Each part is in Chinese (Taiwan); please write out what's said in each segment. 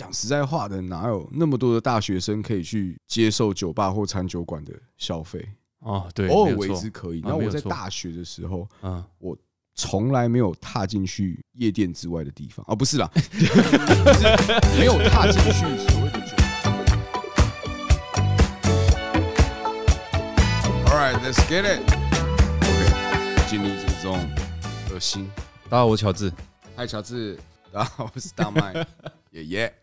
講實在話的，哪有那麼多的大學生可以去接受酒吧或餐酒館的消費啊、哦？對，偶爾爾為之可以。然後、啊、我在大學的時候，嗯、啊，我從來沒有踏進去夜店之外的地方啊、哦，不是啦， 是沒有踏進去所謂的酒吧。 Alright, let's get it. OK，進入之中。噁心。大家好，我是喬治。嗨，喬治。大家好，我是大麥。耶耶。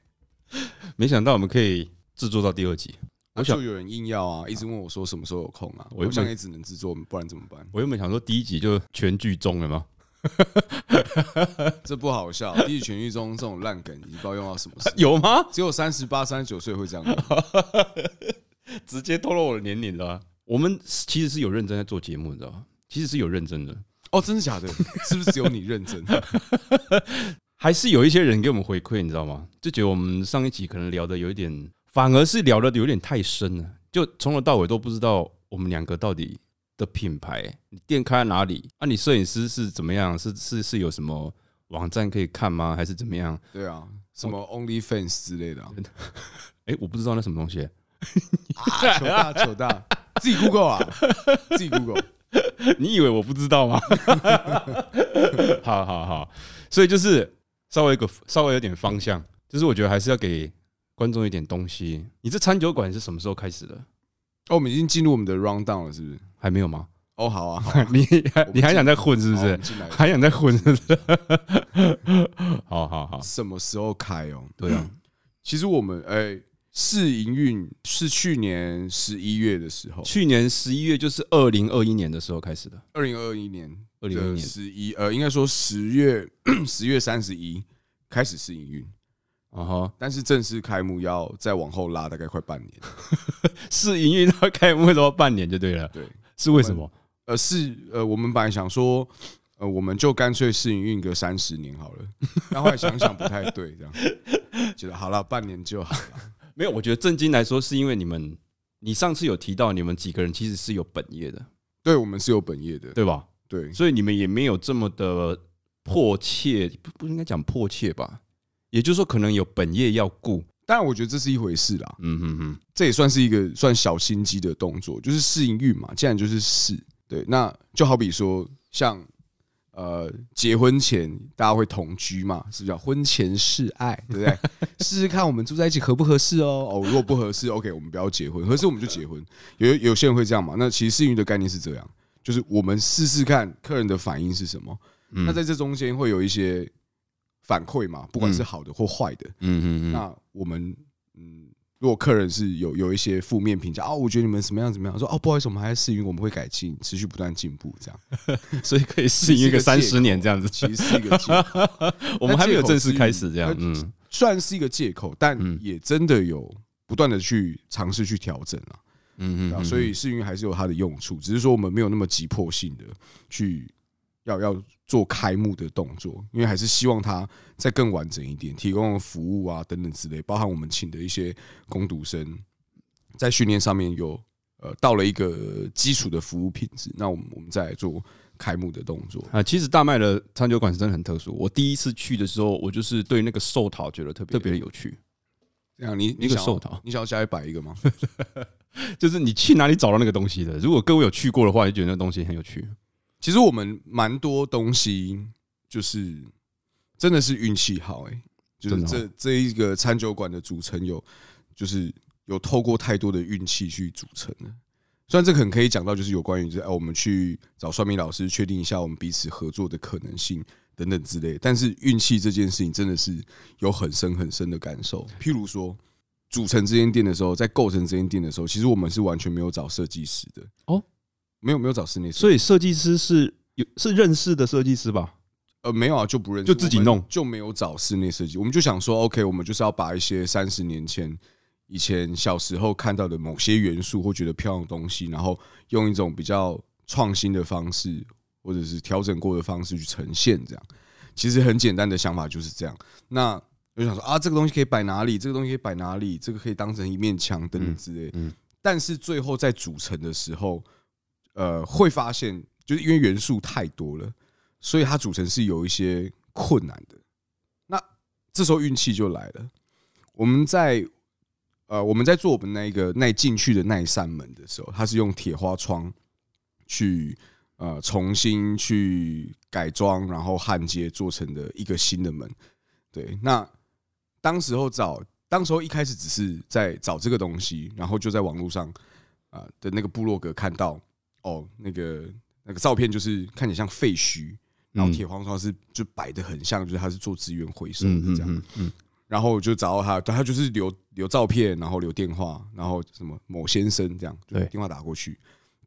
沒想到我們可以製作到第二集，我想就有人硬要啊，一直問我說什麼時候有空啊，我，一我想也只能製作，不然怎麼辦？我原本想說第一集就全劇終了嗎？這不好笑，第一集全劇終這種爛梗，你不知道用到什麼時、啊？有嗎？只有三十八、三十九歲會這樣，啊、直接透露我的年齡了、啊。我們其實是有認真在做節目，你知道嗎？其實是有認真的。哦，真的假的？ 是不是只有你認真？ 還是有一些人給我們回饋，你知道嗎？就覺得我們上一集可能聊的有一點，反而是聊的有點太深了。就從頭到尾都不知道我們兩個到底的品牌，你店開在哪裡？啊，你攝影師是怎麼樣？是是是有什麼網站可以看嗎？還是怎麼樣？對啊，什麼 OnlyFans 之類的、啊？哎、欸，我不知道那什麼東西、啊。醜 大醜大，自己 Google 啊，自己 Google。你以為我不知道嗎？好好好，所以就是。稍微一個稍微有點方向，就是我覺得還是要給觀眾一點東西。你這餐酒館是什麼時候開始的？哦，我們已經進入我們的 round down 了，是不是？還沒有嗎？哦，好啊，好啊 你還你還想再混是不是？還想再混是不是？好好對 好，好好什麼時候開哦、喔？對啊， 其實我們誒試營運是去年十一月的時候，去年十一月就是二零二一年的時候開始的，二零二一年。二零二一年十一呃，應該說十月十 月三十一開始試營運，然哈、uh，huh. 但是正式開幕要再往後拉，大概快半年。試營運到開幕要半年就對了，對，是為什麼？呃，是呃，我們本來想說，呃，我們就乾脆試營運個三十年好了，但後來想一想不太對，這樣 覺得好了，半年就好了。 沒有，我覺得正經來說，是因為你們，你上次有提到你們幾個人其實是有本業的對，對我們是有本業的，對吧？對，所以你們也沒有這麼的迫切，不不應該講迫切吧？也就是說，可能有本業要顧，當然我覺得這是一回事啦。嗯哼哼，這也算是一個算小心機的動作，就是試營運嘛，既然就是試。對，那就好比說，像呃結婚前大家會同居嘛，是不是？婚前試愛，對不對？試試看我們住在一起合不合適哦。哦，如果不合適，OK，我們不要結婚；合適，我們就結婚。有有些人會這樣嘛？那其實試營運的概念是這樣。就是我們試試看客人的反應是什麼，嗯、那在這中間會有一些反饋嘛，不管是好的或壞的，嗯嗯，那我們嗯，如果客人是有有一些負面評價，哦，我覺得你們什麼樣怎麼樣，說哦，不好意思，我們還在試營，我們會改進，持續不斷進步這樣，所以可以試營一個三十年這樣子，其實是一個，我們還沒有正式開始這樣，嗯，算是一個借口，但也真的有不斷的去嘗試去調整啊。嗯哼嗯哼、啊，所以試營運還是有它的用處，只是說我們沒有那麼急迫性的去要要做開幕的動作，因為還是希望它再更完整一點，提供服務啊等等之類，包含我們請的一些工讀生，在訓練上面有呃到了一個基礎的服務品質，那我們我們再來做開幕的動作啊。其實大麥的餐酒館是真的很特殊，我第一次去的時候，我就是對那個壽桃覺得特別特別有趣。這樣，你你想要你想要下來擺一個嗎？ 就是你去哪裡找到那個東西的？如果各位有去過的話，你覺得那個東西很有趣。其實我們蠻多東西，就是真的是運氣好哎、欸。就是這這一個餐酒館的組成，有就是有透過太多的運氣去組成的。雖然這個很可以講到，就是有關於，哎，我們去找算命老師確定一下我們彼此合作的可能性。等等之類，但是運氣這件事情真的是有很深很深的感受。譬如說，組成這間店的時候，在構成這間店的時候，其實我們是完全沒有找設計師的哦，沒有沒有找室內設計師，哦、所以設計師是有是認識的設計師吧？呃，沒有啊，就不認識，就自己弄，就沒有找室內設計。我們就想說，OK，我們就是要把一些三十年前以前小時候看到的某些元素或覺得漂亮的東西，然後用一種比較創新的方式。或者是調整過的方式去呈現，這樣其實很簡單的想法就是這樣。那我想說啊，這個東西可以擺哪裡？這個東西可以擺哪裡？這個可以當成一面牆等等之類。但是最後在組成的時候，呃，會發現就是因為元素太多了，所以它組成是有一些困難的。那這時候運氣就來了，我們在呃我們在做我們那個那進去的那一扇門的時候，它是用鐵花窗去。呃，重新去改裝，然後焊接做成的一個新的門。對，那當時候找，當時候一開始只是在找這個東西，然後就在網絡上啊、呃、的那個部落格看到，哦，那個那個照片就是看起來像廢墟，然後鐵黃窗是就擺得很像，就是他是做資源回收的這樣。嗯，嗯，嗯，嗯，嗯，然後我就找到他，他就是留留照片，然後留電話，然後什麼某先生這樣，對，電話打過去。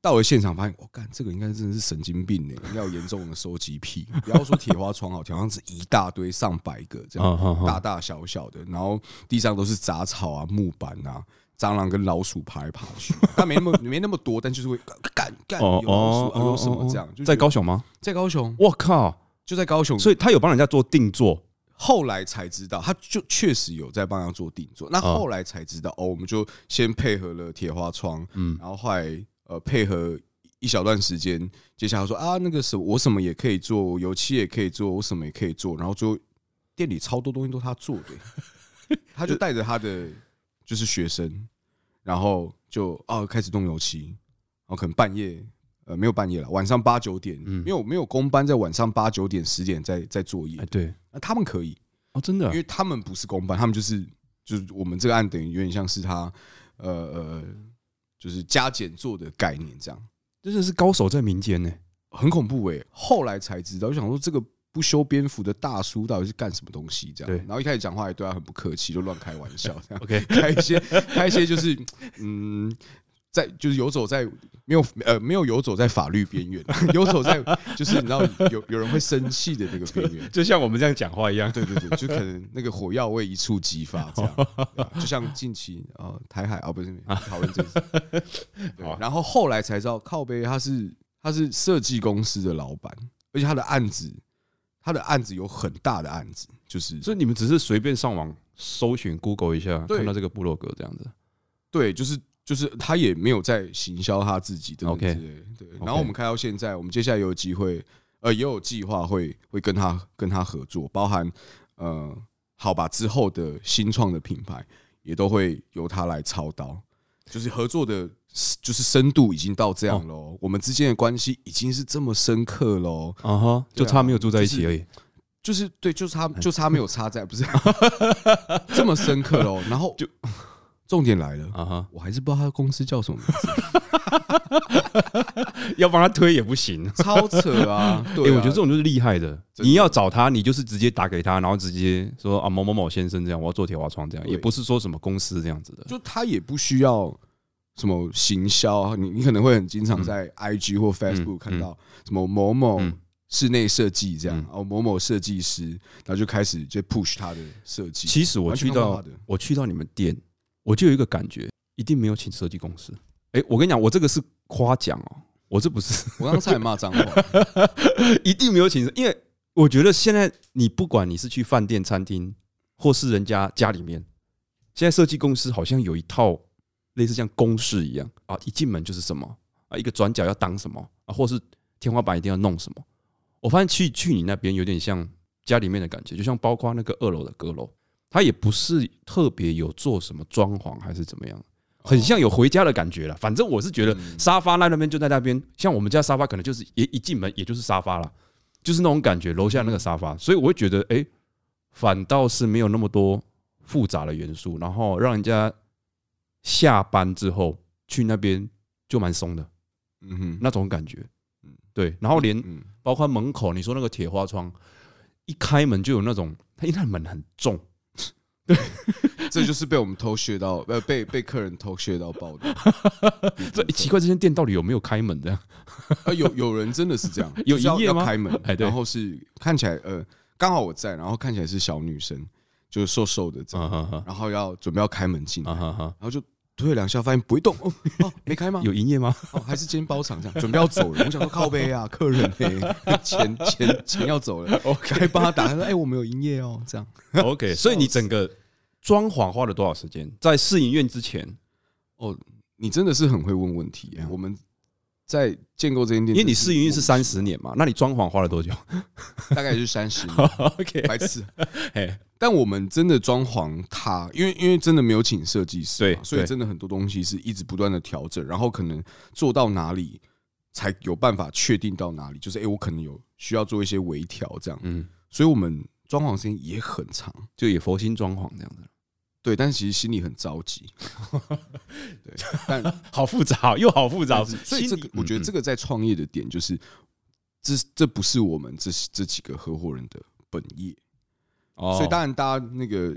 到了現場發現，我、哦、幹這個應該真的是神經病嘞！要嚴重的收集癖，不要說鐵花窗哦，牆上是一大堆上百個這樣大大小小的，然後地上都是雜草啊、木板啊，蟑螂跟老鼠爬來爬去。它沒那麼沒那麼多，但就是會幹幹哦哦，有老鼠啊，有什麼這樣？就在高雄嗎？在高雄，我靠，就在高雄，所以他有幫人家做定做，後來才知道，他就確實有在幫人家做定做。那後來才知道哦，我們就先配合了鐵花窗，嗯，然後後來。呃，配合一小段時間，接下來說啊，那個什麼，我什麼也可以做，油漆也可以做，我什麼也可以做，然後最後店裡超多東西都他做的， 他就帶着他的就是學生，然後就啊開始弄油漆，然後可能半夜呃沒有半夜了，晚上八九點，嗯沒，沒有沒有工班在晚上八九點十點在在作業，哎，對，那他們可以哦，真的，啊，因為他們不是工班，他們就是就是我們這個案等於有點像是他呃呃。呃就是加減做的概念，這樣真的是高手在民間呢，很恐怖哎、欸。後來才知道，我想說這個不修邊幅的大叔到底是幹什麼東西，這樣。然後一開始講話也對他很不客氣，就亂開玩笑，這樣。OK，開一些，開一些，就是嗯。在就是遊走在沒有呃沒有遊走在法律邊緣， 遊走在就是你知道有有人會生氣的這個邊緣，就像我們這樣講話一樣。對對對，就可能那個火藥味一觸即發，這樣、 啊。就像近期啊、呃、台海啊不是討論 這個，對。然後後來才知道靠背他是他是設計公司的老板，而且他的案子他的案子有很大的案子，就是所以你們只是隨便上網搜尋 Google 一下，對看到這個部落格這樣子。對，就是。就是他也沒有在行銷他自己，Okay, 對對對。然後我們看到現在，我們接下來有機會，呃，也有計劃會會跟他跟他合作，包含呃，好吧，之後的新創的品牌也都會由他來操刀。就是合作的，就是深度已經到這樣嘍，我們之間的關係已經是這麼深刻嘍，啊哈，就差沒有住在一起而已。就是對，就差就差沒有差在不是 這麼深刻嘍。然後就。重點來了啊哈！我還是不知道他公司叫什麼名字，uh，huh、 要幫他推也不行，超扯啊！對，我覺得這種就是厲害的。你要找他，你就是直接打給他，然後直接說啊某某某先生，這樣我要做鐵花窗，這樣也不是說什麼公司這樣子的，就他也不需要什麼行銷。你你可能會很經常在 IG 或 Facebook 看到什麼某某室內設計這樣，然後某某設計師，然後就開始就 push 他的設計。其實我去到我去到你們店。我就有一個感覺，一定沒有請設計公司。哎，我跟你講，我這個是誇獎哦，我這不是，我剛才還罵髒話。 一定沒有請，因為我覺得現在你不管你是去飯店、餐廳，或是人家家裡面，現在設計公司好像有一套類似像公式一樣啊，一進門就是什麼啊，一個轉角要擋什麼啊，或是天花板一定要弄什麼。我發現去去你那邊有點像家裡面的感覺，就像包括那個二樓的閣樓。他也不是特別有做什麼裝潢還是怎麼樣，很像有回家的感覺了。反正我是覺得沙發那那邊就在那邊，像我們家沙發可能就是一一進門也就是沙發了，就是那種感覺。樓下那個沙發，所以我會覺得，哎，反倒是沒有那麼多複雜的元素，然後讓人家下班之後去那邊就蠻鬆的，嗯哼，那種感覺，嗯，對。然後連包括門口，你說那個鐵花窗，一開門就有那種，它一開門很重。對，對，這就是被我們偷學到， 呃、被被客人偷學到爆的。這 奇怪，這間店到底有沒有開門的？ 呃、有有人真的是這樣， 有要要開門，欸、然後是看起來，呃，剛好我在，然後看起來是小女生，就是瘦瘦的這樣，uh huh huh. 然後要準備要開門進，來，uh huh huh. 然後就。推兩下，發現不會動，哦，哦，沒開嗎？欸、有營業嗎？哦，還是今天包場這樣，準備要走了。我想說靠背啊， 客人哎、欸，錢錢錢要走了。我可以幫他打開說，哎、欸，我們有營業哦，這樣 OK。所以你整個裝潢花了多少時間？在試營運之前，哦，你真的是很會問問題。Yeah. 我們在建構這間店，因為你試營運是三十年嘛，哦、那你裝潢花了多久？ 大概是三十年。OK，白痴。但我們真的裝潢它，因為因為真的沒有請設計師，所以真的很多東西是一直不斷的調整，然後可能做到哪裡才有辦法確定到哪裡，就是哎、欸，我可能有需要做一些微調這樣，嗯，所以我們裝潢時間也很長，就也佛心裝潢這樣子，對，但其實心裡很着急，對，但好複雜又好複雜，所以這個我覺得這個在創業的點就是，這這不是我們這這幾個合夥人的本業。Oh、所以當然，大家那個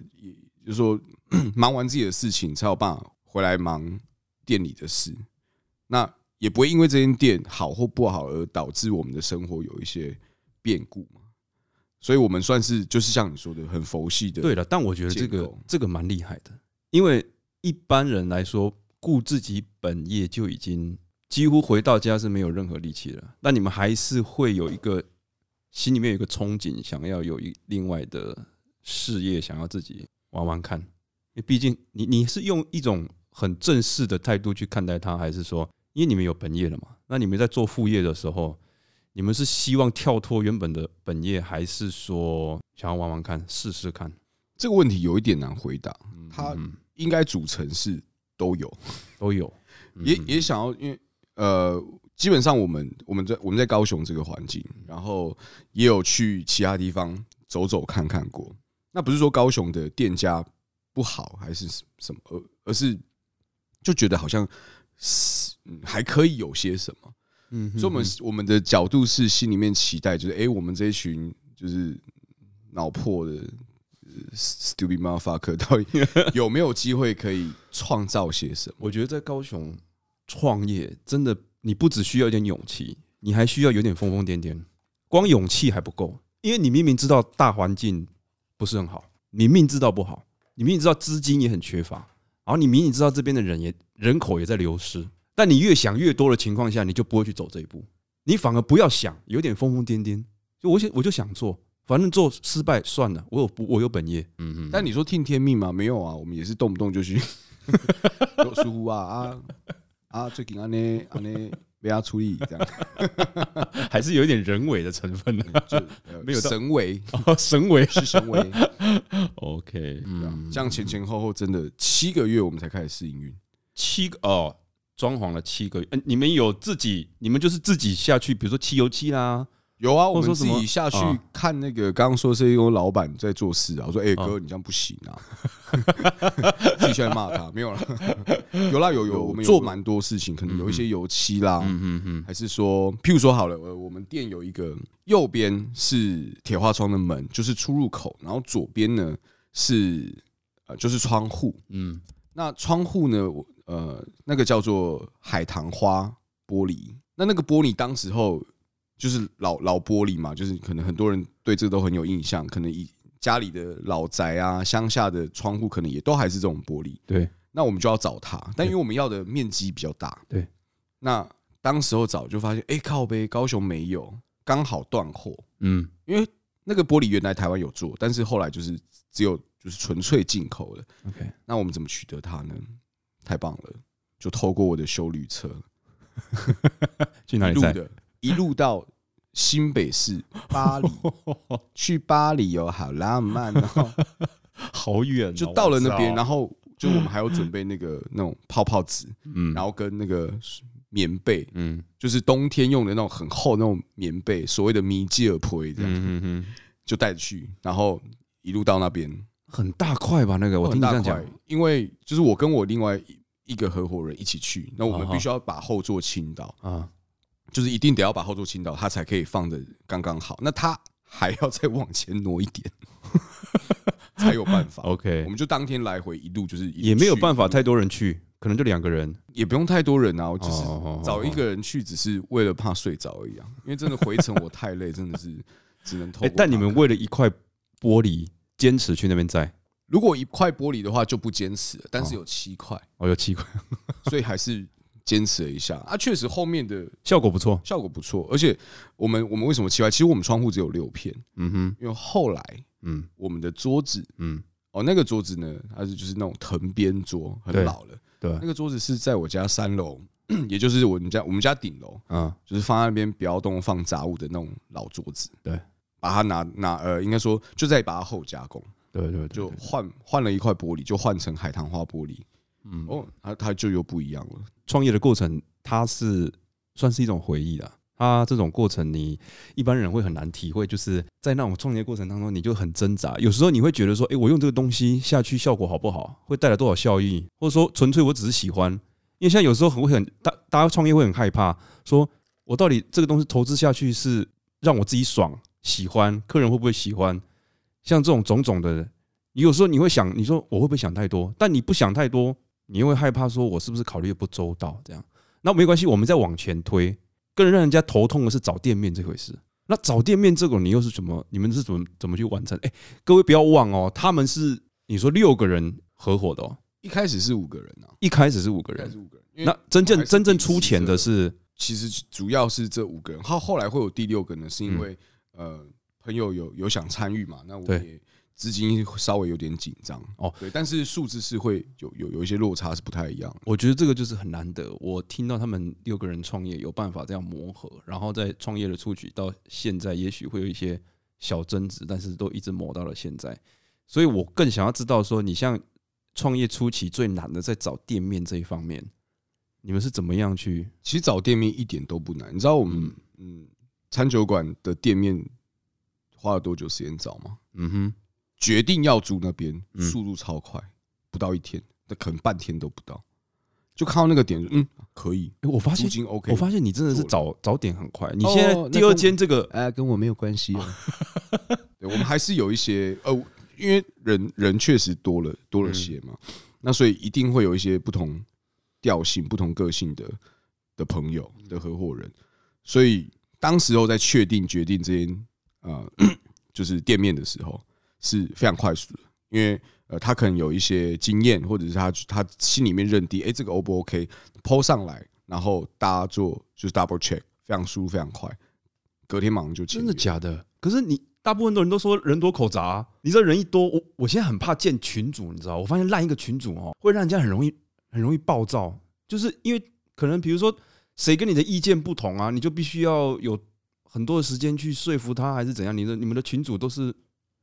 就是說忙完自己的事情，才有辦法回來忙店裡的事。那也不會因為這間店好或不好，而導致我們的生活有一些變故嘛。所以我們算是就是像你說的，很佛系的。對的，但我覺得這個這個蠻厲害的，因為一般人來說，顧自己本業就已經幾乎回到家是沒有任何力氣了。但你們還是會有一個心裡面有一個憧憬，想要有一另外的。事業想要自己玩玩看，因為畢竟你你是用一種很正式的態度去看待它，還是說，因為你們有本業了嘛？那你們在做副業的時候，你們是希望跳脫原本的本業，還是說想要玩玩看、試試看？這個問題有一點難回答。它應該組成是都有，嗯嗯、都有，嗯、也也想要，因為呃，基本上我們我們在我們在高雄這個環境，然後也有去其他地方走走看看過。那不是說高雄的店家不好，還是什麼？而而是就覺得好像，嗯，還可以有些什麼？所以我們我們的角度是心裡面期待，就是哎，我們這一群就是腦破的，stupid motherfucker，到底有沒有機會可以創造些什麼？我覺得在高雄創業，真的你不只需要一點勇氣，你還需要有點瘋瘋癲癲，光勇氣還不夠，因為你明明知道大環境。不是很好，你明知道不好，你明明知道資金也很缺乏，然後你明明知道這邊的人也人口也在流失，但你越想越多的情況下，你就不會去走這一步，你反而不要想，有點瘋瘋癲癲。就我想，我就想做，反正做失敗算了，我有我有本業，嗯，但你說聽天命嗎？沒有啊，我們也是動不動就去有失誤啊啊啊！最近安尼安尼。不要出力，這樣 還是有一點人為的成分、啊 嗯，就、呃、沒有神為危、哦，神為， 是神為。OK，這樣前前後後真的七個月，我們才開始試營運，七個哦，裝潢了七個月。哎、呃，你們有自己，你們就是自己下去，比如說漆油漆啦。有啊，說我說自己下去看那個，剛剛說是因為老闆在做事啊。啊、我說、欸，哎哥，你這樣不行啊，繼續來罵他沒有了， 有啦有有，有，我們做蠻多事情，可能有一些油漆啦，嗯，還是說，譬如說好了，呃，我們店有一個右邊是鐵花窗的門，就是出入口，然後左邊呢是、呃、就是窗戶，嗯，那窗戶呢，呃，那個叫做海棠花玻璃，那那個玻璃當時候。就是老老玻璃嘛，就是可能很多人對這個都很有印象，可能以家裡的老宅啊，鄉下的窗戶可能也都還是這種玻璃。對，那我們就要找它，但因為我們要的面積比較大。對，那當時候找我就發現，哎、欸，靠北，高雄沒有，剛好斷貨。嗯，因為那個玻璃原來台灣有做，但是後來就是只有就是純粹進口的。OK，那我們怎麼取得它呢？太棒了，就透過我的休旅車，哈哈哈哈哈，去哪裡找的。一路到新北市八里，去巴黎有好浪漫，好遠，就到了那邊，然後就我們還有準備那個那種泡泡紙，然後跟那個棉被，就是冬天用的那種很厚那種棉被，所謂的米吉爾鋪這樣，就帶著去，然後一路到那邊。很大塊吧？那個我聽到這樣講，很大塊，因為就是我跟我另外一個合夥人一起去，那我們必須要把後座傾倒。啊。就是一定得要把後座傾倒，它才可以放的剛剛好。那它還要再往前挪一點，才有辦法。OK，我們就當天來回一度，就是，也沒有辦法太多人去，可能就兩個人，也不用太多人啊，就是找一個人去，只是為了怕睡着而已。因為真的回程我太累，真的是只能偷。但你們為了一塊玻璃堅持去那邊摘？如果一塊玻璃的話就不堅持了，但是有七塊哦，有七塊，所以還是。堅持了一下，啊，確實後面的效果不錯，效果不錯。而且我們我們為什麼奇怪？其實我們窗戶只有六片，嗯哼，因為後來，嗯，我們的桌子，嗯，哦，那個桌子呢，它是就是那種藤邊桌，很老了，對，那個桌子是在我家三樓，也就是我們家我們家頂樓，嗯，就是放在那邊不要動放雜物的那種老桌子，對，把它拿拿、呃，應該說就在把它後加工，對對，就換換了一塊玻璃，就換成海棠花玻璃，嗯，哦，它它就又不一樣了。創業的過程，它是算是一種回憶了。它這種過程，你一般人會很難體會。就是在那種創業過程當中，你就很掙扎。有時候你會覺得說：“誒，我用這個東西下去效果好不好？會帶來多少效益？或者說，純粹我只是喜歡。因為像有時候會很大，大家創業會很害怕，說我到底這個東西投資下去是讓我自己爽，喜歡客人會不會喜歡？像這種種種的，你有時候你會想，你說我會不會想太多？但你不想太多。你會害怕，說我是不是考慮不周到這樣？那沒關係，我們再往前推。更讓人家頭痛的是找店面這回事。那找店面這個，你又是怎麼，你們是怎麼怎麼去完成？哎，各位不要忘哦，他們是你說六個人合夥的哦。一開始是五個人啊，一開始是五個人，是五個人。那真正真正出錢的是，其實主要是這五個人。後後來會有第六個呢，是因為呃，朋友有有想參與嘛？那我也。資金稍微有點緊張哦，對，但是數字是會有有有一些落差，是不太一樣。我覺得這個就是很難得，我聽到他們六個人創業有辦法這樣磨合，然後在創業的初期到現在，也許會有一些小爭執，但是都一直磨到了現在。所以我更想要知道說，你像創業初期最難的在找店面這一方面，你們是怎麼樣去？其實找店面一點都不難，你知道我們嗯，嗯餐酒館的店面花了多久時間找嗎？嗯哼。決定要租那邊，速度超快，嗯、不到一天，那可能半天都不到，就看到那個點就，嗯，可以。欸、我發現已經金 OK，我發現你真的是早多了 早點很快。你現在第二間這個、哦，哎、呃，跟我沒有關係啊、哦。我們還是有一些，呃，因為人人確實多了多了些嘛，嗯、那所以一定會有一些不同調性、不同個性的的朋友的合夥人。所以當時候在確定決定這間啊、呃，就是店面的時候是非常快速的，因為呃，他可能有一些經驗，或者是他他心裡面認定，哎，這個 O 不 OK，PO 上來，然後大家做就是 double check，非常舒服，非常快。隔天馬上就真的假的？可是你大部分的人都說人多口雜，啊，你知道人一多，我我現在很怕見群主，你知道，我發現爛一個群主哦，會讓人家很容易很容易暴躁，就是因為可能比如說誰跟你的意見不同啊，你就必須要有很多的時間去說服他，還是怎樣？你的你們的群主都是，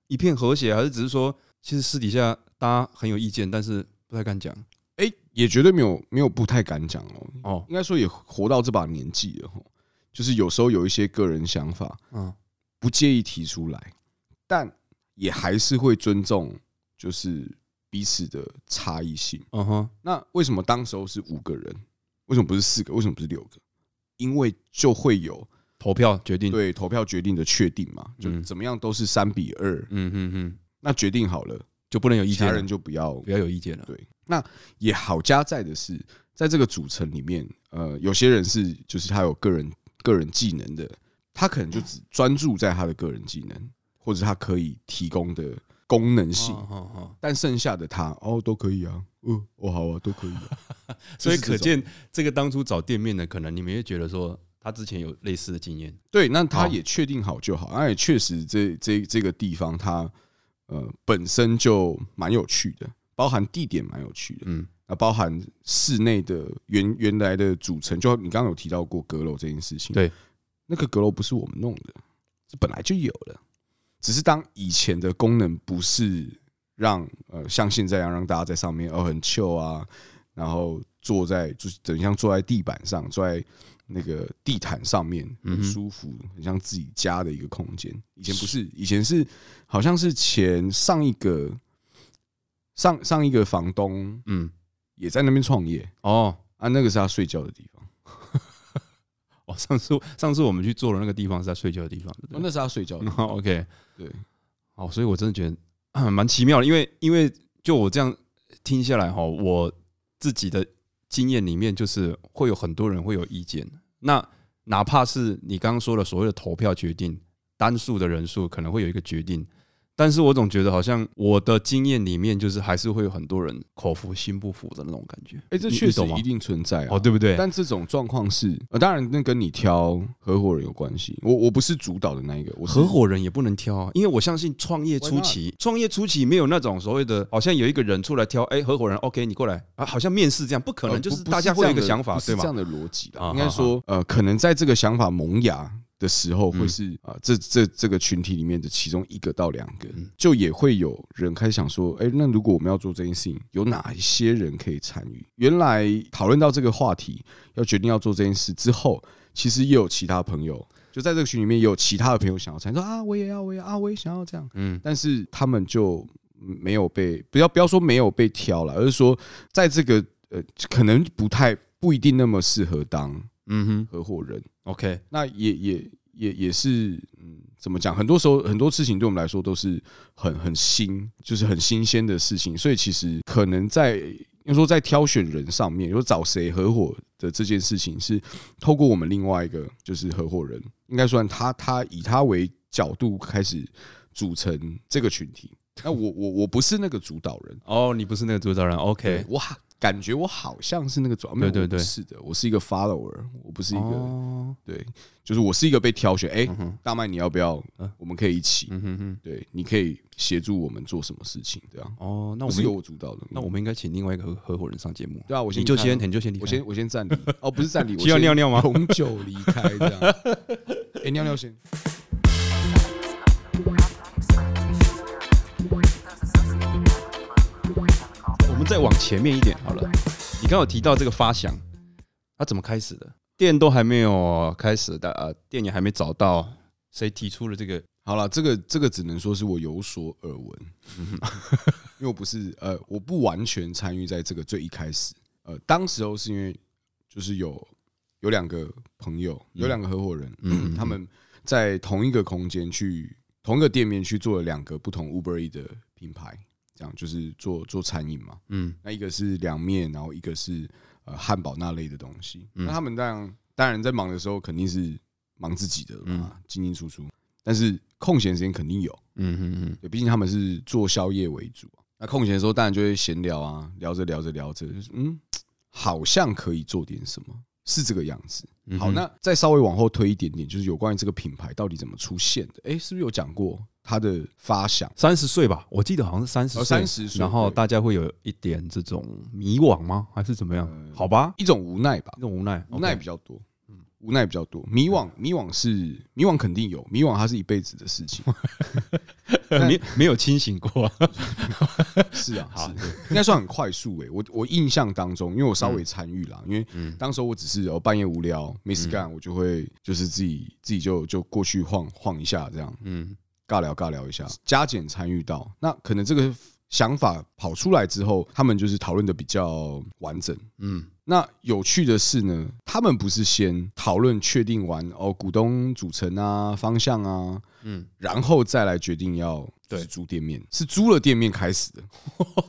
一片和諧，還是只是說，其實私底下大家很有意見，但是不太敢講。誒、欸，也絕對沒有，沒有不太敢講哦。哦，應該說，也活到這把年紀了，哈，就是有時候有一些個人想法，嗯，不介意提出來，但也還是會尊重，就是彼此的差異性。嗯哼，那為什麼當時候是五個人？為什麼不是四個？為什麼不是六個？因為就會有。投票決定，對投票決定的確定嘛，就怎麼樣都是三比二、嗯，嗯嗯嗯，那決定好了就不能有意見，其他人就不要不要有意見了。對，那也好加在的是，在這個組成裡面，呃，有些人是就是他有個人個人技能的，他可能就只專注在他的個人技能或者他可以提供的功能性，哦哦哦、但剩下的他哦都可以啊，嗯、哦、我、哦、好啊都可以、啊， 所以可見這個當初找店面的可能你們也覺得說。他之前有類似的經驗，對，那他也確定好就好，那好、啊、也確實這這這個地方他，它呃本身就蠻有趣的，包含地點蠻有趣的，嗯，那、啊、包含室內的原原來的組成，就你剛剛有提到過閣樓這件事情，對，那個閣樓不是我們弄的，是本來就有的，只是當以前的功能不是讓呃像現在一樣讓大家在上面哦很 chill 啊，然後坐在就等於像坐在地板上坐在。那個地毯上面很舒服，很像自己家的一個空間。以前不是，以前是好像是前上一個上上一個房東，嗯，也在那邊創業哦。啊，那個是他睡覺的地方。哦，上次上次我們去坐的那個地方是他睡覺的地方，哦，那是他睡覺的地方對。好，OK，對，哦，所以我真的覺得蠻奇妙的，因為因為就我這樣聽下來哈，我自己的。經驗裡面就是會有很多人會有意見，那哪怕是你剛剛說的所謂的投票決定，單數的人數可能會有一個決定。但是我總覺得好像我的經驗裡面，就是還是會有很多人口服心不服的那種感覺、欸。哎，這確實一定存在、啊、哦，對不對？但這種狀況是、呃，當然那跟你挑合夥人有關係。我我不是主導的那一個，我合夥人也不能挑啊，因為我相信創業初期，創業初期沒有那種所謂的，好像有一個人出來挑，哎，合夥人，OK，你過來啊，好像面試這樣，不可能，就是大家會有一個想法，對嗎？是這樣的邏輯啦，應該說，呃，可能在這個想法萌芽。的時候，會是、嗯、啊，這這這個群體裡面的其中一個到兩個，就也會有人開始想說，哎、欸，那如果我們要做這件事情，有哪一些人可以參與？原來討論到這個話題，要決定要做這件事之後，其實也有其他朋友，就在這個群裡面也有其他的朋友想要參與，說啊，我也要，我也要啊，我也想要這樣。嗯，但是他們就沒有被不要不要說沒有被挑了，而是說在這個呃，可能不太不一定那麼適合當嗯哼合夥人。嗯 OK，那也也也也是，嗯，怎麼講？很多時候很多事情對我們來說都是很很新，就是很新鮮的事情。所以其實可能在，要說在挑選人上面，有找誰合夥的這件事情，是透過我們另外一個，就是合夥人，應該算他，他以他為角度開始組成這個群體。 那我我我不是那個主導人哦，oh, 你不是那個主導人。OK，哇。感覺我好像是那個主要，對對對，是的，我是一個 follower，我不是一個，對，就是我是一個被挑選。哎，大麥你要不要？我們可以一起。嗯哼哼，對，你可以協助我們做什麼事情？對啊，哦，那不是由我主導的，那我們應該請另外一個合夥人上節目。對啊，我先你就先你就先離，我先我先暫離。哦，不是暫離，需要尿尿嗎？永久離開這樣。哎，尿尿先。再往前面一點好了，你剛有提到這個發想，它怎麼開始的？店都還沒有開始的，呃，店也還沒找到，誰提出了這個？好了，這個這個只能說是我有所耳聞，因為我不是呃，我不完全參與在這個最一開始，呃，當時候是因為就是有有兩個朋友，有兩個合夥人，嗯嗯嗯嗯、他們在同一個空間去，同一個店面去做了兩個不同 Uber Eats 的品牌。講就是做做餐飲嘛，嗯，那一個是涼麵，然後一個是呃漢堡那類的東西，嗯、那他們這樣當然在忙的時候肯定是忙自己的嘛，進進、嗯、出出，但是空閒時間肯定有，嗯嗯嗯，畢竟他們是做宵夜為主、啊，那空閒的時候當然就會閒聊啊，聊着聊着聊着，嗯，好像可以做點什麼。是這個樣子。好，那再稍微往後推一點點，就是有關於這個品牌到底怎麼出現的。哎，是不是有講過它的發想？三十歲吧，我記得好像是三十，三十歲。然後大家會有一點這種迷惘嗎？還是怎麼樣？好吧，一種無奈吧，一種無奈，無奈比較多。無奈比較多，迷惘、迷惘是迷惘，肯定有迷惘，它是一輩子的事情， 但沒沒有清醒過，啊， 是啊，應該算很快速誒、欸。我我印象當中，因為我稍微參與了，因為當時我只是，嗯哦，半夜無聊沒事幹，我就會就是自己自己就就過去晃晃一下這樣，嗯，尬聊尬聊一下，加減參與到那可能這個。想法跑出來之後，他們就是討論的比較完整。嗯，那有趣的是呢，他們不是先討論確定完哦，股東組成啊、方向啊，嗯，然後再來決定要對租店面，對 是租了店面開始的。嗯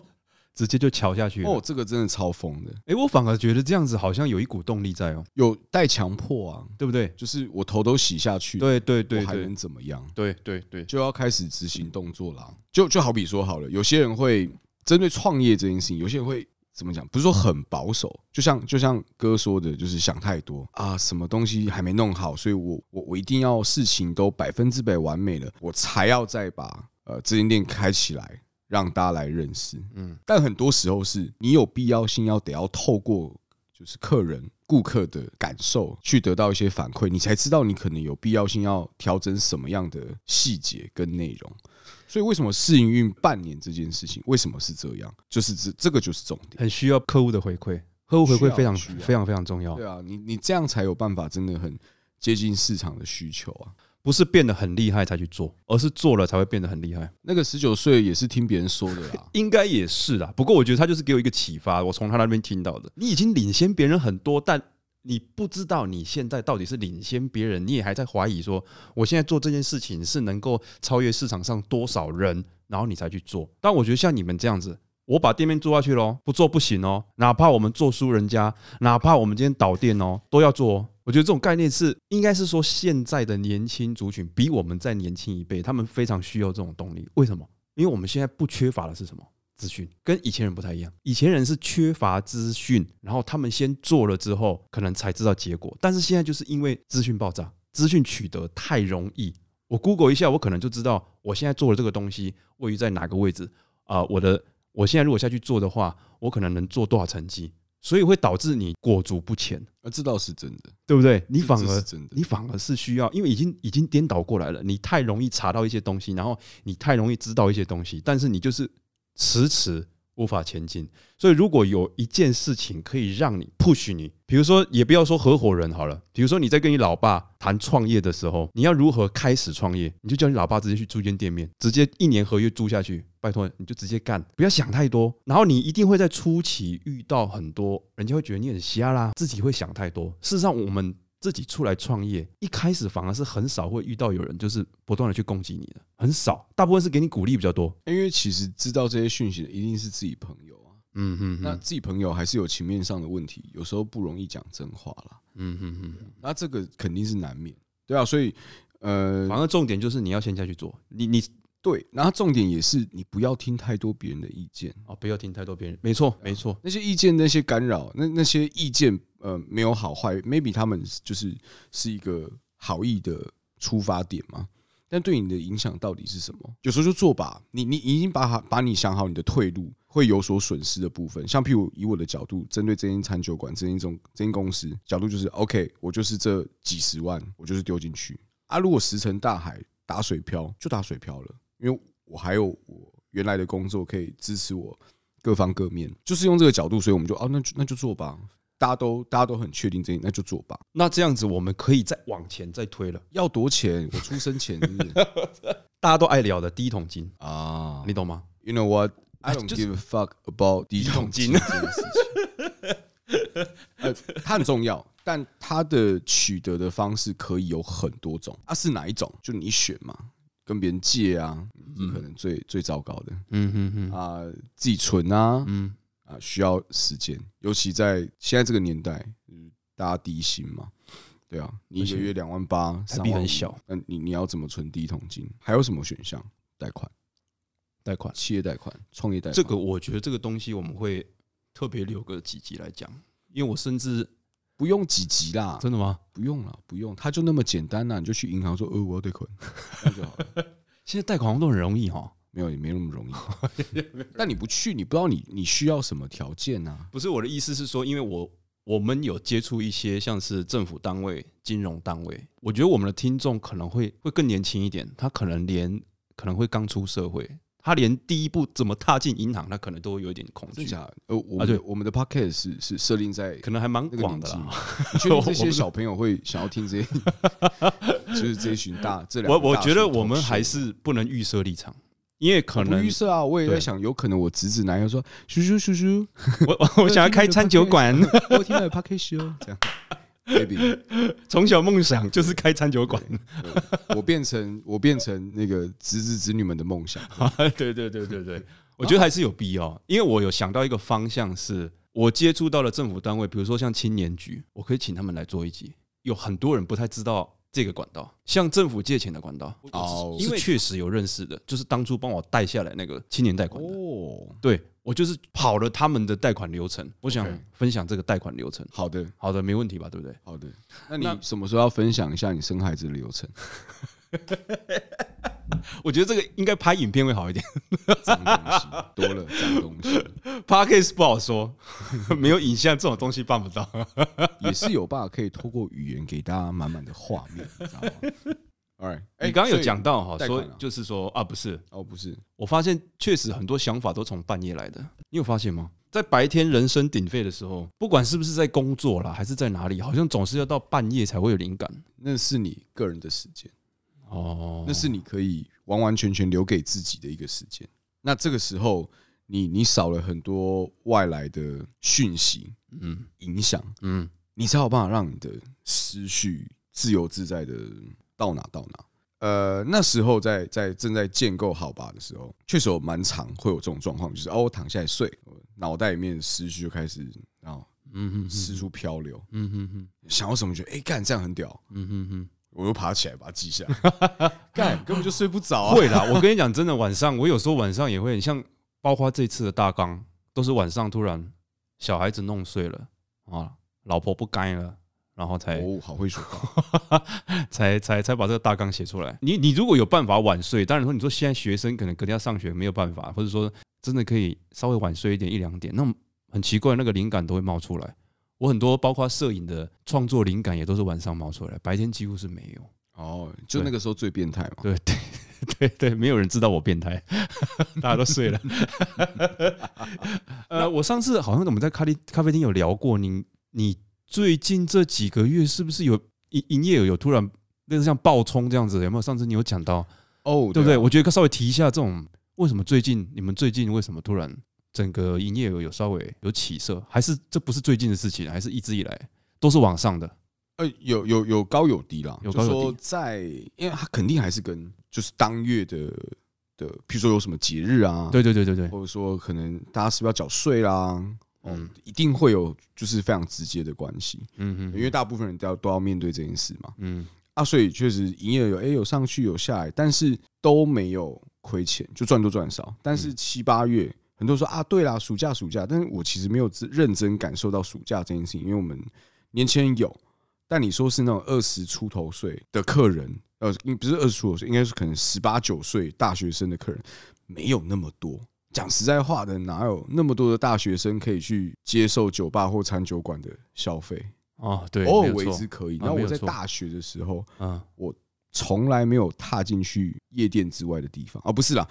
直接就敲下去哦，oh, 這個真的超瘋的。誒、欸。我反而覺得這樣子好像有一股動力在哦、喔，有帶強迫啊，對不對？就是我頭都洗下去，對對對，對，還能怎麼樣？對對對，對，就要開始執行動作啦。就，就就好比說好了，有些人會針對創業這件事情，有些人會怎麼講？不是說很保守，就像就像哥說的，就是想太多啊，什麼東西還沒弄好，所以我我我一定要事情都百分之百完美了，我才要再把呃，這間店開起來。讓大家來認識，嗯，但很多時候是你有必要性要得要透過就是客人顧客的感受去得到一些反饋，你才知道你可能有必要性要調整什麼樣的細節跟內容。所以為什麼試營運半年這件事情為什麼是這樣？就是這這個就是重點，很需要客戶的回饋，客戶回饋非常非常非常重要。對啊，你你這樣才有辦法，真的很接近市場的需求啊。不是變得很厲害才去做，而是做了才會變得很厲害。那個十九歲也是聽別人說的啦，應該也是啦。不過我覺得他就是給我一個啟發，我從他那邊聽到的。你已經領先別人很多，但你不知道你現在到底是領先別人，你也還在懷疑說，我現在做這件事情是能夠超越市場上多少人，然後你才去做。但我覺得像你們這樣子。我把店面做下去咯，不做不行哦、喔。哪怕我們做輸人家，哪怕我們今天倒店哦、喔，都要做、喔。我覺得這種概念是，應該是說現在的年輕族群比我們再年輕一輩，他們非常需要這種動力。為什麼？因為我們現在不缺乏的是什麼？資訊跟以前人不太一樣。以前人是缺乏資訊，然後他們先做了之後，可能才知道結果。但是現在就是因為資訊爆炸，資訊取得太容易，我 Google 一下，我可能就知道我現在做的這個東西位於在哪個位置啊、呃，我的。我現在如果下去做的話，我可能能做多少成績？所以會導致你裹足不前，而這倒是真的，對不對這？你反而你反而是需要，因為已經已經顛倒過來了。你太容易查到一些東西，然後你太容易知道一些東西，但是你就是遲遲。無法前進，所以如果有一件事情可以讓你 push 你，比如說，也不要說合夥人好了，比如說你在跟你老爸談創業的時候，你要如何開始創業，你就叫你老爸直接去租間店面，直接一年合約租下去，拜托你就直接幹，不要想太多。然後你一定會在初期遇到很多，人家會覺得你很瞎啦，自己會想太多。事實上，我們。自己出來創業，一開始反而是很少會遇到有人就是不斷的去攻擊你的，很少，大部分是給你鼓勵比較多。因為其實知道這些訊息的一定是自己朋友啊，嗯嗯，那自己朋友還是有情面上的問題，有時候不容易講真話啦，嗯嗯嗯、啊，那這個肯定是難免，對啊，所以呃，反而重點就是你要先下去做，你你。對，然後重點也是你不要聽太多別人的意見哦，不要聽太多別人。沒錯，沒錯，那些意見那些干擾，那那些意見呃沒有好壞，maybe 他們就是是一個好意的出發點嘛。但對你的影響到底是什麼？有時候就做吧，你你已經把把你想好你的退路，會有所損失的部分。像譬如以我的角度，針對這間餐酒館、這間中這間公司角度，就是 OK，我就是這幾十萬，我就是丟進去啊。如果石沉大海，打水漂就打水漂了。因為我還有我原來的工作可以支持我各方各面，就是用這個角度，所以我們就哦、啊，那就那就做吧。大家都大家都很確定這，那就做吧。那這樣子我們可以再往前再推了。要多錢？我出生前， 大家都愛聊的第一桶金啊，oh, 你懂嗎？You know what? I don't give a fuck about 第一桶金這件事情。 uh, 它很重要，但它的取得的方式可以有很多種。它是哪一種？就你選嘛。跟別人借啊，嗯嗯、可能最最糟糕的。嗯嗯嗯啊，自己存啊，嗯啊、嗯呃，需要時間，尤其在現在這個年代、嗯，大家低薪嘛，對啊，你一個月兩萬八，台幣很小，嗯，你你要怎麼存第一桶金？還有什麼選項？貸款，貸款，企業貸款，創業貸，這個我覺得這個東西我們會特別留個幾集來講，因為我甚至。不用幾集啦，嗯，真的嗎？不用了，不用，他就那麼簡單吶！你就去銀行說，呃，我要貸款。現在貸款都很容易哈，沒有，也沒那麼容易。 但你不去，你不知道你你需要什麼條件吶，啊？ 不是我的意思是說，因為我我們有接觸一些像是政府單位、金融單位，我覺得我們的聽眾可能會會更年輕一點，他可能連可能會剛出社會。他連第一步怎麼踏進銀行，他可能都有一點恐懼。呃，我、啊、對我們的 Podcast 是是設定在可能還蠻廣的，就你覺得這些小朋友會想要聽這些？我 就是這一群大 這兩。我我覺得我們還是不能預設立場，因為可能預設啊，我也在想，有可能我侄子、男友說：“叔叔，叔叔，我 我，我想要開餐酒館。” 我聽到 Podcast 哦，這樣。baby，從小夢想就是開餐酒館，我變成我變成那個姪子姪女們的夢想。對對對對對，對，我覺得還是有必要，因為我有想到一個方向，是我接觸到了政府單位，比如說像青年局，我可以請他們來做一集，有很多人不太知道。這個管道，向政府借錢的管道哦，因為確 oh, okay. 實有認識的，就是當初幫我貸下來那個青年貸款哦。Oh. 對，我就是跑了他們的貸款流程，我想分享這個貸款流程。Okay. 好的，好的，沒問題吧？對不對？好的，那你什麼時候要分享一下你生孩子的流程？ 我覺得這個應該拍影片會好一點，髒東西多了，髒東西。Podcast 不好說，沒有影像這種東西辦不到，也是有辦法可以透過語言給大家滿滿的畫面。你知道嗎？哎、欸，你剛剛有講到哈、喔，說、啊、就是說啊，不是哦，不是，我發現確實很多想法都從半夜來的，你有發現嗎？在白天人聲鼎沸的時候，不管是不是在工作啦，還是在哪裡，好像總是要到半夜才會有靈感。那是你個人的時間。哦，oh. 那是你可以完完全全留給自己的一個時間。那這個時候你，你你少了很多外來的訊息，嗯，影響，嗯，你才有辦法讓你的思緒自由自在的到哪到哪。呃，那時候在在正在建構好吧的時候，確實有蠻常會有這種狀況，就是哦，我躺下來睡，腦袋裡面思緒就開始然後嗯嗯四處漂流，嗯哼哼想要什麼就哎幹、欸、這樣很屌，嗯嗯嗯。我又爬起來把它記下來，幹 根本就睡不着啊！ 會啦，我跟你講，真的晚上我有時候晚上也會很像，包括這次的大綱都是晚上突然小孩子弄睡了啊，老婆不幹了，然後才哦好會說， 才才才把這個大綱寫出來你。你你如果有辦法晚睡，當然說你說現在學生可能隔天要上學沒有辦法，或者說真的可以稍微晚睡一點一兩點，那很奇怪那個靈感都會冒出來。我很多包括攝影的創作靈感也都是晚上冒出來，白天幾乎是沒有。哦，就那個時候最變態嘛。對對對對，沒有人知道我變態，大家都睡了。呃，我上次好像我們在咖啡咖啡廳有聊過，你你最近這幾個月是不是有營營業有突然類似像爆衝這樣子？有沒有？上次你有講到哦，oh, 對不對？我覺得稍微提一下這種，為什麼最近你們最近為什麼突然？整個營業額有稍微有起色，還是這不是最近的事情，還是一直以來都是往上的。呃，有有有高有低啦，有高有低。在，因為它肯定還是跟就是當月的的，譬如說有什麼節日啊，對對對對對，或者說可能大家是不是要繳稅啦，嗯，一定會有就是非常直接的關係，嗯哼，因為大部分人都要都要面對這件事嘛，嗯，啊，所以確實營業額哎、欸、有上去有下來，但是都沒有虧錢，就賺多賺少，但是七八月。很多說啊，對啦，暑假暑假，但是我其實沒有認真感受到暑假這件事情，因為我們年輕人有，但你說是那種二十出頭歲的客人，呃，不是二十出頭歲，應該是可能十八九歲大學生的客人，沒有那麼多。講實在話的，哪有那麼多的大學生可以去接受酒吧或餐酒館的消費，哦，啊。對，偶爾為之可以。然後，我在大學的時候，啊，我。從來沒有踏進去夜店之外的地方，啊，不是啦，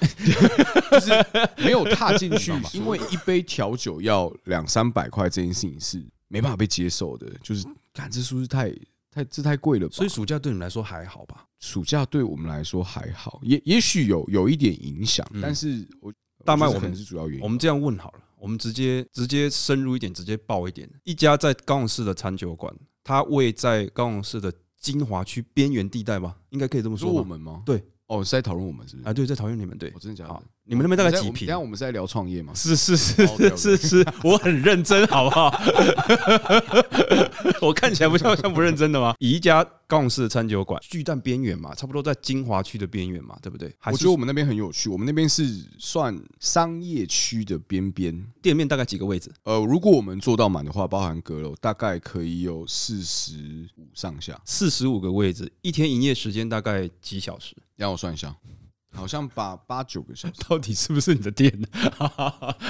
就是沒有踏進去，嘛。因為一杯調酒要兩三百塊，這件事情是沒辦法被接受的。就是，感，這是不是太太這太貴了？所以暑假對你們來說還好吧？暑假對我們來說還好，也也許有有一點影響，但是我大麥我們是主要原因。我，我們這樣問好了，我們直接直接深入一點，直接爆一點。一家在高雄市的餐酒館，他位在高雄市的。金華區邊緣地帶吧，應該可以這麼說。我們嗎？對，哦，是在討論我們是不是？啊，對，在討論你們。對、哦，我真的假的？你們那邊大概幾坪？現在我們，等下我們是在聊創業嗎？是是是是是是，是，我很認真，好不好？我看起來不像，像不認真的嗎？宜，一家共式的餐酒館，巨蛋邊緣嘛，差不多在精華區的邊緣嘛，對不對？我覺得我們那邊很有趣。我們那邊是算商業區的邊邊，店面大概幾個位置？呃，如果我們做到滿的話，包含閣樓，大概可以有四十五上下，四十五個位置。一天營業時間大概幾小時？讓我算一下。好像把八九個小時，到底是不是你的店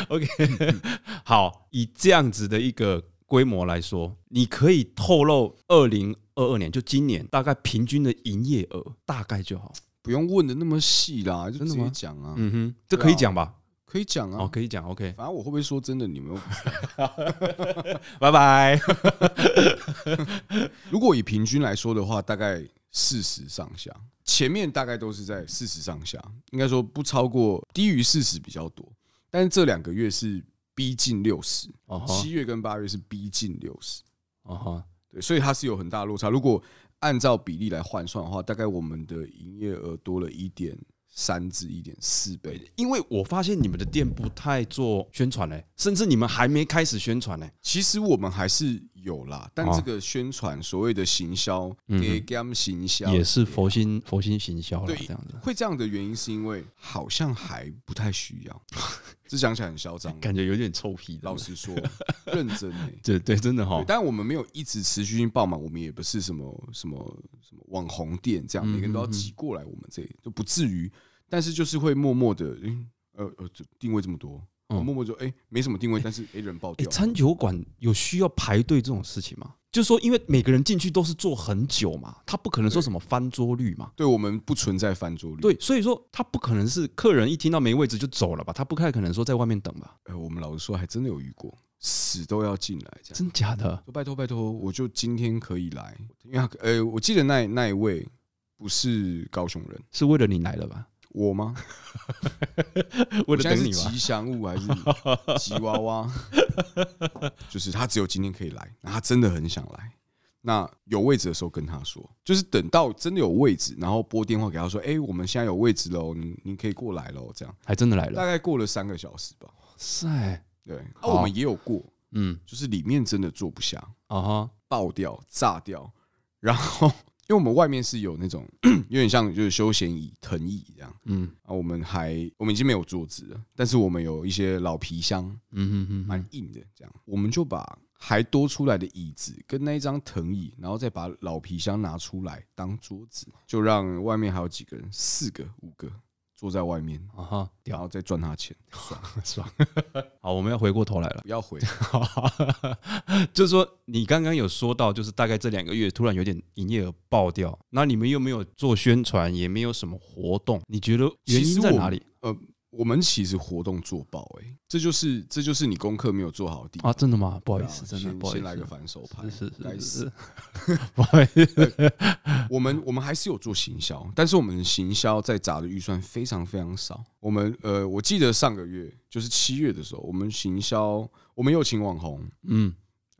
？OK， 好， 嗯、以這樣子的一個規模來說，你可以透露二零二二年就今年大概平均的營業額，大概就好，不用問的那麼細啦，就直接講啊。嗯哼，這可以講吧？可以講啊，可以講、啊哦。OK，反正我會不會說真的？你們拜拜。 bye bye 如果以平均來說的話，大概四十上下。前面大概都是在四十上下，應該說不超過，低於四十比較多，但是這兩個月是逼近六十，七月跟八月是逼近六十，啊哈，對，所以它是有很大落差。如果按照比例來換算的話，大概我們的營業額多了一點。三至一點四倍的，因為我發現你們的店不太做宣傳嘞，甚至你們還沒開始宣傳呢。其實我們還是有啦，但這個宣傳所謂的行銷，給給他們行銷也是佛心佛心行銷了。這樣子會這樣的原因是因為好像還不太需要，這講起來很囂張，感覺有點臭屁。老實說，認真、欸，對對，真的哈、嗯欸。但我們沒有一直持續性爆滿，我們也不是什麼什麼，什麼網紅店，這樣每個人都要擠過來，我們這裡就不至於。但是就是會默默的，嗯、欸，呃呃，定位這麼多，默默就哎、欸、沒什麼定位，欸、但是 A、欸、人爆掉、欸。餐酒館有需要排隊這種事情嗎？就是說，因為每個人進去都是坐很久嘛，他不可能說什麼翻桌率嘛。對，對，我們不存在翻桌率。對，所以說他不可能是客人一聽到沒位置就走了吧？他不太可能說在外面等吧？哎、欸，我們老實說，還真的有遇過，死都要進來這樣。真假的？拜託拜託，我就今天可以來，因為呃、欸，我記得那那一位不是高雄人，是為了你來的吧？我嗎？ 你我現在是吉祥物還是吉娃娃？ 就是他只有今天可以來，他真的很想來。那有位置的時候跟他說，就是等到真的有位置，然後撥電話給他說：“哎、欸，我們現在有位置嘍，你，你可以過來嘍。”這樣還真的來了，大概過了三個小時吧。哦、塞，對，那好我們也有過，嗯，就是裡面真的坐不下啊，uh huh、爆掉、炸掉，然後。因為我們外面是有那種 有點像就是休閒椅藤椅這樣，嗯，啊，我們還我們已經沒有桌子了，但是我們有一些老皮箱，嗯哼哼，蠻硬的這樣，我們就把還多出來的椅子跟那一張藤椅，然後再把老皮箱拿出來當桌子，就讓外面還有幾個人，四個五個。坐在外面啊哈、uh，huh, 然後再賺他錢， 爽爽。 好，我們要回過頭來了，不要回。 就是說，你剛剛有說到，就是大概這兩個月突然有點營業額爆掉，那你們又沒有做宣傳，也沒有什麼活動，你覺得原因在哪裡？呃。我們其實活動做爆哎、欸，這就是這就是你功課沒有做好的地方啊！真的嗎？不好意思，啊、真的先，先來個反手拍，是是是，不好意思、呃。 我們我們還是有做行銷，但是我們行銷在砸的預算非常非常少。我們呃，我記得上個月就是七月的時候，我們行銷我們有請網紅，嗯。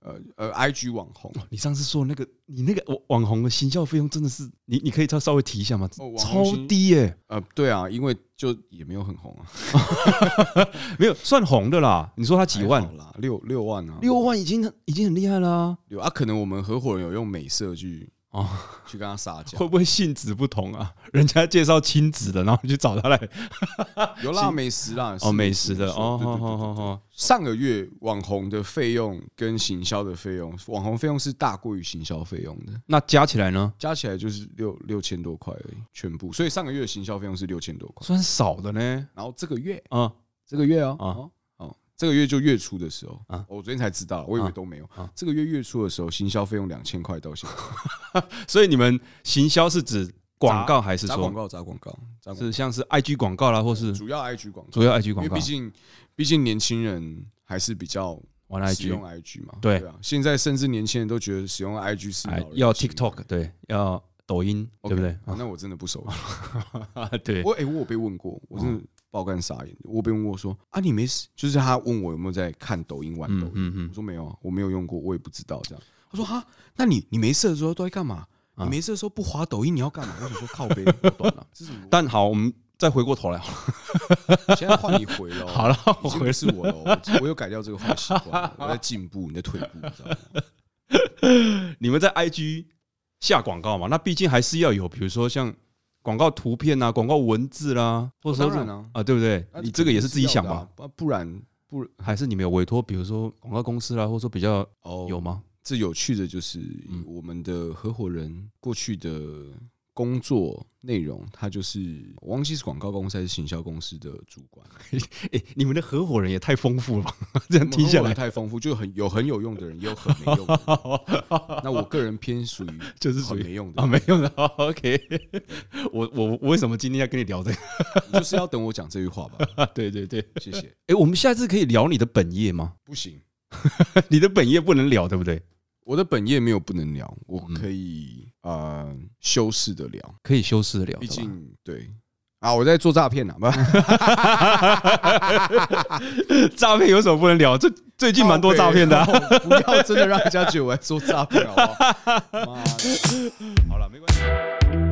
呃呃，IG 網紅，你上次說那個，你那個網網紅的行銷費用真的是，你你可以稍微提一下嗎？哦、超低耶、欸，呃，對啊，因為就也沒有很紅啊， 沒有算紅的啦。你說他幾萬？六六萬啊？六萬已經對，已經很厲害了啊有。啊，可能我們合夥人有用美色去。哦，oh, 去跟他撒嬌，會不會性質不同啊？人家介紹親子的，然後你去找他來，有啦美食啦，哦，oh, 美食的，哦、oh,，好好好，oh, oh, oh, oh, 上個月網紅的費用跟行銷的費用，網紅費用是大過於行銷費用的，那加起來呢？加起來就是六六千多塊而已，全部，所以上個月的行銷費用是六千多塊，算少的呢。然後這個月啊，嗯、這個月哦、喔。啊、嗯。嗯這個月就月初的時候啊，我昨天才知道，我以為都沒有。這個月月初的時候，行銷費用兩千塊到現在， 所以你們行銷是指廣告還是說廣告？砸廣告，是像是 IG 廣告啦，或是主要 IG 廣，主要 IG 廣告。畢竟，畢竟年輕人還是比較玩 IG 用 IG 嘛。對啊，現在甚至年輕人都覺得使用 IG 是老，要 TikTok 對，要抖音對不對？Okay, 那我真的不熟。對、 欸，我哎，我有被問過，我是。爆肝傻眼，我被問我說啊，你沒事？就是他問我有沒有在看抖音、玩抖音。我說沒有、啊、我沒有用過，我也不知道。這樣他說哈，那你你沒事的時候都在幹嘛？你沒事的時候不滑抖音，你要幹嘛？我說靠背、啊，了。但好，我們再回過頭來，現在換你回了好了，我回，回是我了我有改掉這個壞習慣，我在進步，你在退步，你知道嗎？你們在 IG 下廣告嘛？那畢竟還是要有，比如說像。廣告圖片啊，廣告文字啦、啊，或者是、哦、啊，啊，對不對？啊、你這個也是自己想吧、啊？不然不還是你沒有委托？比如說廣告公司啦、啊，或者說比較有嗎？最、哦、有趣的就是我們的合夥人過去的。工作內容，他就是，忘記是廣告公司還是行銷公司的主管、欸。你們的合夥人也太豐富了吧， 這樣聽起來太豐富，就很有很有用的人，也有很沒用的人。的 那我個人偏屬於 就是屬屬於 沒用的、啊，沒用的。OK， 我我，我為什麼今天要跟你聊這個？ 就是要等我講這句話吧？ 對對對，對，謝謝、欸。我們下次可以聊你的本業嗎？不行， 你的本業不能聊，對不對？我的本業沒有不能聊，我可以，嗯、呃修飾的聊，可以修飾的聊。畢竟對啊，我在做詐騙呢， 詐騙有什麼不能聊？這最近蠻多詐騙的，啊，Okay, 不要真的讓人家覺得我在做詐騙哦。 好了，沒關係。